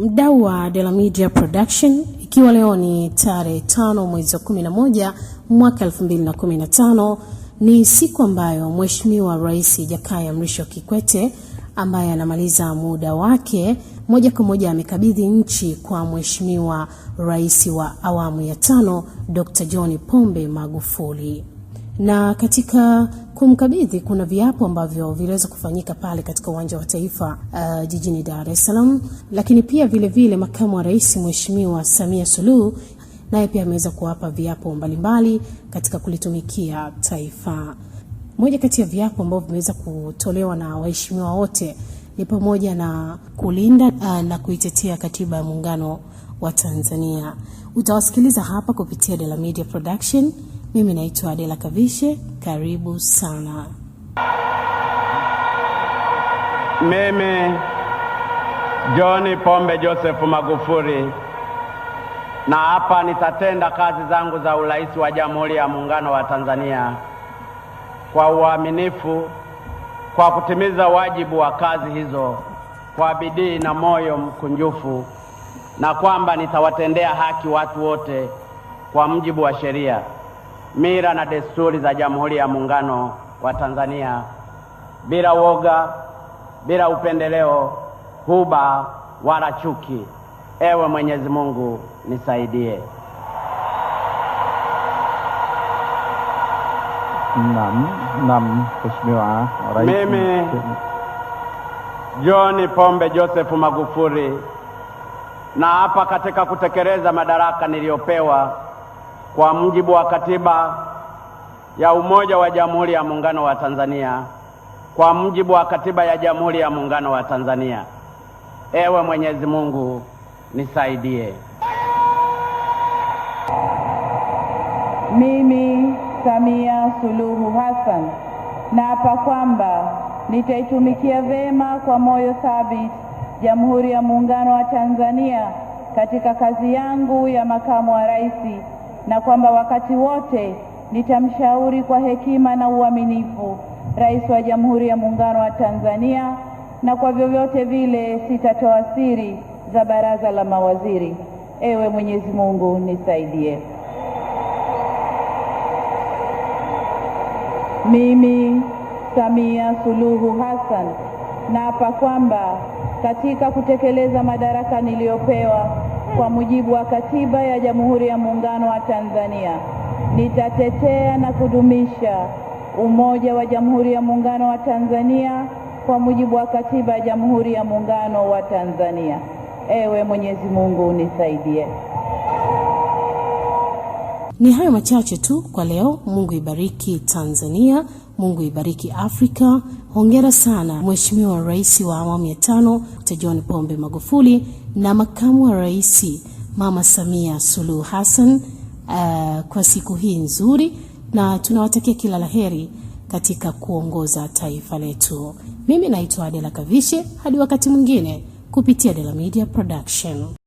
Mdau wa Dela Media Production, ikiwa leo ni tarehe tano mwezi wa 11 mwaka 2015 ni siku ambayo Mheshimiwa Rais Jakaya Mrisho Kikwete ambaye anamaliza muda wake moja kwa moja amekabidhi nchi kwa Mheshimiwa Rais wa awamu ya tano Dr. John Pombe Magufuli na katika kumkabidhi kuna viapo ambavyo viliweza kufanyika pale katika uwanja wa Taifa uh, jijini Dar es Salaam, lakini pia vile vile makamu wa rais Mheshimiwa Samia Suluhu naye pia ameweza kuwapa viapo mbalimbali katika kulitumikia taifa. Moja kati ya viapo ambavyo vimeweza kutolewa na waheshimiwa wote ni pamoja na kulinda uh, na kuitetea katiba ya muungano wa Tanzania. Utawasikiliza hapa kupitia Dela Media Production. Mimi naitwa Adela Kavishe, karibu sana. Mimi johni Pombe josefu Magufuli na hapa nitatenda kazi zangu za urais wa Jamhuri ya Muungano wa Tanzania kwa uaminifu, kwa kutimiza wajibu wa kazi hizo kwa bidii na moyo mkunjufu, na kwamba nitawatendea haki watu wote kwa mjibu wa sheria mila na desturi za Jamhuri ya Muungano wa Tanzania bila woga, bila upendeleo, huba wala chuki. Ewe Mwenyezi Mungu nisaidie. Naam, naam, Mheshimiwa Rais. Mimi John Pombe Joseph Magufuli naapa katika kutekeleza madaraka niliyopewa kwa mujibu wa katiba ya Umoja wa Jamhuri ya Muungano wa Tanzania, kwa mujibu wa katiba ya Jamhuri ya Muungano wa Tanzania. Ewe Mwenyezi Mungu nisaidie. Mimi Samia Suluhu Hassan naapa kwamba nitaitumikia vema kwa moyo thabiti Jamhuri ya Muungano wa Tanzania katika kazi yangu ya makamu wa rais na kwamba wakati wote nitamshauri kwa hekima na uaminifu Rais wa Jamhuri ya Muungano wa Tanzania na kwa vyovyote vile sitatoa siri za baraza la mawaziri. Ewe Mwenyezi Mungu nisaidie. Mimi Samia Suluhu Hassan naapa kwamba katika kutekeleza madaraka niliyopewa kwa mujibu wa Katiba ya Jamhuri ya Muungano wa Tanzania. Nitatetea na kudumisha umoja wa Jamhuri ya Muungano wa Tanzania kwa mujibu wa Katiba ya Jamhuri ya Muungano wa Tanzania. Ewe Mwenyezi Mungu unisaidie. Ni hayo machache tu kwa leo. Mungu ibariki Tanzania, Mungu ibariki Afrika. Hongera sana Mheshimiwa Rais wa awamu ya tano ta John Pombe Magufuli na makamu wa rais Mama Samia Suluhu Hassan uh, kwa siku hii nzuri, na tunawatakia kila laheri katika kuongoza taifa letu. Mimi naitwa Adela Kavishe, hadi wakati mwingine kupitia dela Media Production.